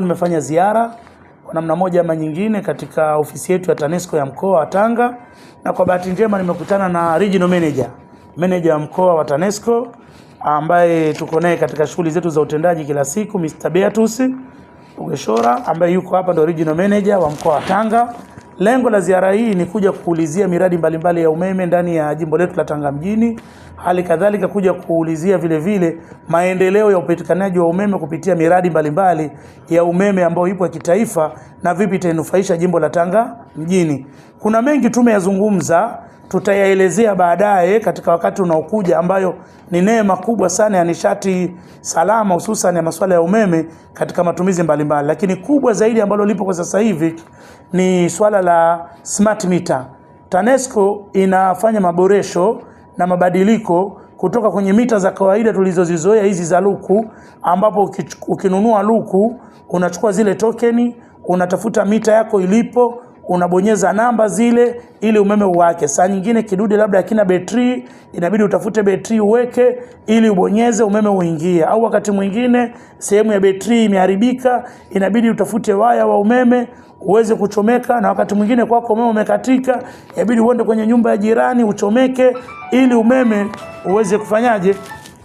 Nimefanya ziara kwa namna moja ama nyingine katika ofisi yetu ya TANESCO ya mkoa wa Tanga, na kwa bahati njema nimekutana na regional manager manager wa mkoa wa TANESCO ambaye tuko naye katika shughuli zetu za utendaji kila siku, Mr. Beatus Ugeshora ambaye yuko hapa, ndo regional manager wa mkoa wa Tanga. Lengo la ziara hii ni kuja kuulizia miradi mbalimbali mbali ya umeme ndani ya jimbo letu la Tanga mjini hali kadhalika kuja kuulizia vile vile maendeleo ya upatikanaji wa umeme kupitia miradi mbalimbali mbali ya umeme ambayo ipo ya kitaifa na vipi itainufaisha jimbo la Tanga mjini. Kuna mengi tumeyazungumza, tutayaelezea baadaye katika wakati unaokuja, ambayo ni neema kubwa sana ya nishati salama, hususan ya masuala ya umeme katika matumizi mbalimbali mbali. Lakini kubwa zaidi ambalo lipo kwa sasa hivi ni swala la smart meter. TANESCO inafanya maboresho na mabadiliko kutoka kwenye mita za kawaida tulizozizoea hizi za luku, ambapo ukinunua luku unachukua zile tokeni, unatafuta mita yako ilipo unabonyeza namba zile ili umeme uwake. Saa nyingine kidude labda hakina betri, inabidi utafute betri uweke ili ubonyeze umeme uingie, au wakati mwingine sehemu ya betri imeharibika, inabidi utafute waya wa umeme uweze kuchomeka, na wakati mwingine kwako umeme umekatika, inabidi uende kwenye nyumba ya jirani uchomeke ili umeme uweze kufanyaje,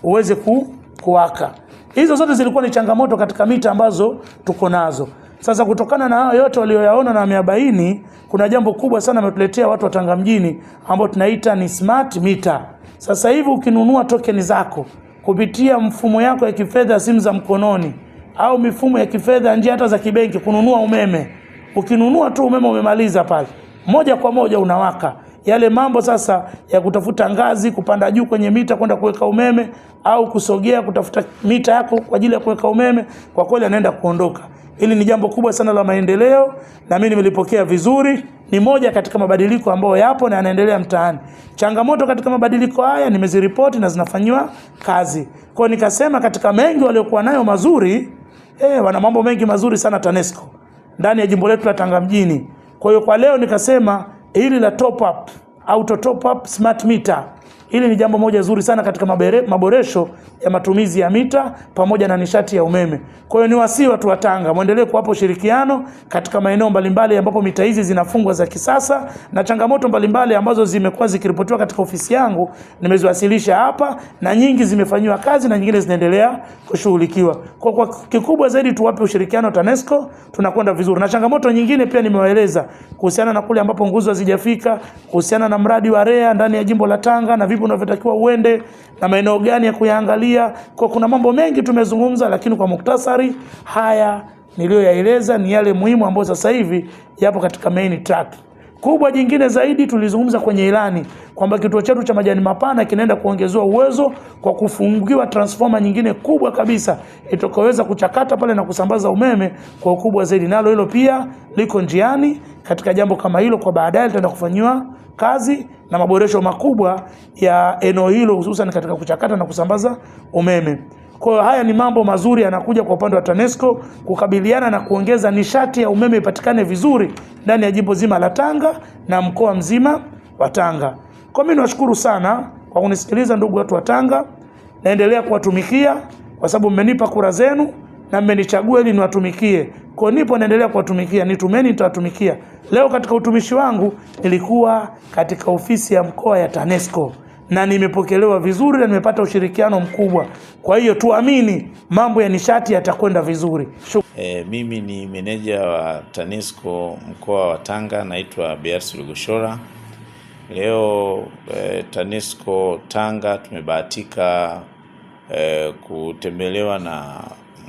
uweze ku, kuwaka. Hizo zote zilikuwa ni changamoto katika mita ambazo tuko nazo. Sasa kutokana na hayo yote walioyaona na ameabaini, kuna jambo kubwa sana ametuletea watu wa Tanga mjini ambao tunaita ni smart meter. Sasa hivi ukinunua tokeni zako kupitia mfumo yako ya kifedha, simu za mkononi au mifumo ya kifedha, njia hata za kibenki, kununua umeme, ukinunua tu umeme umemaliza pale, moja kwa moja unawaka yale mambo sasa ya kutafuta ngazi kupanda juu kwenye mita kwenda kuweka umeme au kusogea kutafuta mita yako kwa ajili ya kuweka umeme, kwa kweli anaenda kuondoka. Hili ni jambo kubwa sana la maendeleo, na mimi nimelipokea vizuri. Ni moja katika mabadiliko ambayo yapo na yanaendelea mtaani. Changamoto katika mabadiliko haya nimeziripoti na zinafanyiwa kazi. Kwa nikasema katika mengi waliokuwa nayo mazuri eh, wana mambo mengi mazuri sana TANESCO ndani ya jimbo letu la Tanga mjini. Kwa hiyo kwa leo nikasema hili la top up, auto top up smart meter Hili ni jambo moja zuri sana katika mabere, maboresho ya matumizi ya mita pamoja na nishati ya umeme. Kwa hiyo ni wasii watu wa Tanga muendelee kuwapo ushirikiano katika maeneo mbalimbali ambapo mita hizi zinafungwa za kisasa, na changamoto mbalimbali ambazo zimekuwa zikiripotiwa katika ofisi yangu nimeziwasilisha hapa, na nyingi zimefanyiwa kazi na nyingine zinaendelea kushughulikiwa. Kwa, kwa kikubwa zaidi tuwape ushirikiano TANESCO, tunakwenda vizuri, na changamoto nyingine pia nimewaeleza kuhusiana na kule ambapo nguzo hazijafika, kuhusiana na mradi wa REA ndani ya jimbo la Tanga na vipo vipi unavyotakiwa uende na maeneo gani ya kuyaangalia. Kwa kuna mambo mengi tumezungumza, lakini kwa muktasari, haya niliyoyaeleza ni yale muhimu ambayo sasa hivi yapo katika main track. Kubwa jingine zaidi tulizungumza kwenye ilani kwamba kituo chetu cha majani mapana kinaenda kuongezewa uwezo kwa kufungiwa transfoma nyingine kubwa kabisa itakayoweza kuchakata pale na kusambaza umeme kwa ukubwa zaidi. Nalo hilo pia liko njiani katika jambo kama hilo, kwa baadaye litaenda kufanyiwa kazi na maboresho makubwa ya eneo hilo, hususan katika kuchakata na kusambaza umeme. Kwa hiyo haya ni mambo mazuri yanakuja kwa upande wa TANESCO kukabiliana na kuongeza nishati ya umeme ipatikane vizuri ndani ya jimbo zima la Tanga na mkoa mzima wa Tanga. Kwa mimi niwashukuru sana kwa kunisikiliza, ndugu watu wa Tanga, naendelea kuwatumikia kwa sababu mmenipa kura zenu na mmenichagua ili niwatumikie. Kwa nipo naendelea kuwatumikia, nitumeni, nitawatumikia. Leo katika utumishi wangu nilikuwa katika ofisi ya mkoa ya TANESCO na nimepokelewa vizuri na nimepata ushirikiano mkubwa. Kwa hiyo tuamini mambo ya nishati yatakwenda vizuri. E, mimi ni meneja wa TANESCO mkoa wa Tanga, naitwa Beatrice Lugoshora. Leo e, TANESCO Tanga tumebahatika e, kutembelewa na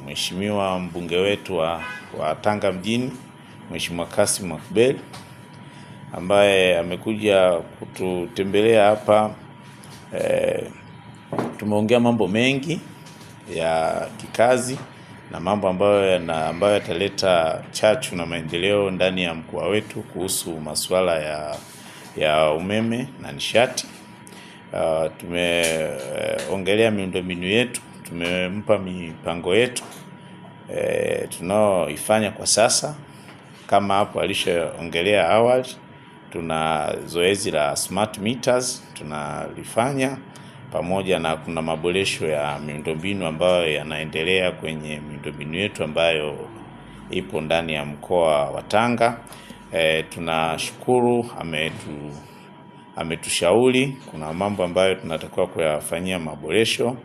mheshimiwa mbunge wetu wa, wa Tanga mjini Mheshimiwa Kasim Makbel ambaye amekuja kututembelea hapa eh, tumeongea mambo mengi ya kikazi na mambo ambayo na ambayo yataleta chachu na maendeleo ndani ya mkoa wetu kuhusu masuala ya ya umeme na nishati. Uh, tumeongelea uh, miundombinu yetu, tumempa mipango yetu uh, tunaoifanya kwa sasa kama hapo alishaongelea awali tuna zoezi la smart meters tunalifanya pamoja na kuna maboresho ya miundombinu ambayo yanaendelea kwenye miundombinu yetu ambayo ipo ndani ya mkoa wa Tanga. E, tunashukuru ametu ametushauri kuna mambo ambayo tunatakiwa kuyafanyia maboresho.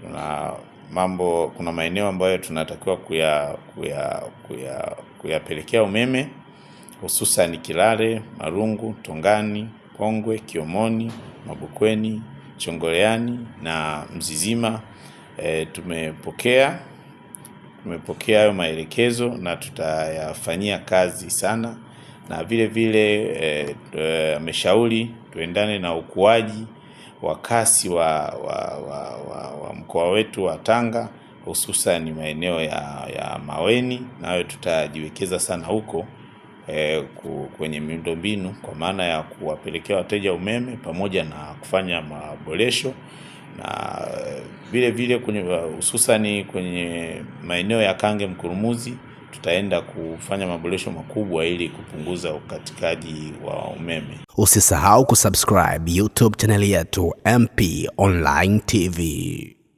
Tuna mambo kuna maeneo ambayo tunatakiwa kuya kuya kuyapelekea kuya umeme hususani Kilale, Marungu, Tongani, Pongwe, Kiomoni, Mabukweni, Chongoleani na Mzizima. E, tumepokea tumepokea hayo maelekezo na tutayafanyia kazi sana, na vile vile e, e, ameshauri e, tuendane na ukuaji wa kasi wa, wa, wa, wa, wa mkoa wetu wa Tanga hususan maeneo ya, ya Maweni, nayo tutajiwekeza sana huko e, kwenye miundombinu kwa maana ya kuwapelekea wateja umeme pamoja na kufanya maboresho na vile vile hususani kwenye, kwenye maeneo ya Kange Mkurumuzi tutaenda kufanya maboresho makubwa ili kupunguza ukatikaji wa umeme. Usisahau kusubscribe YouTube chaneli yetu MP Online TV.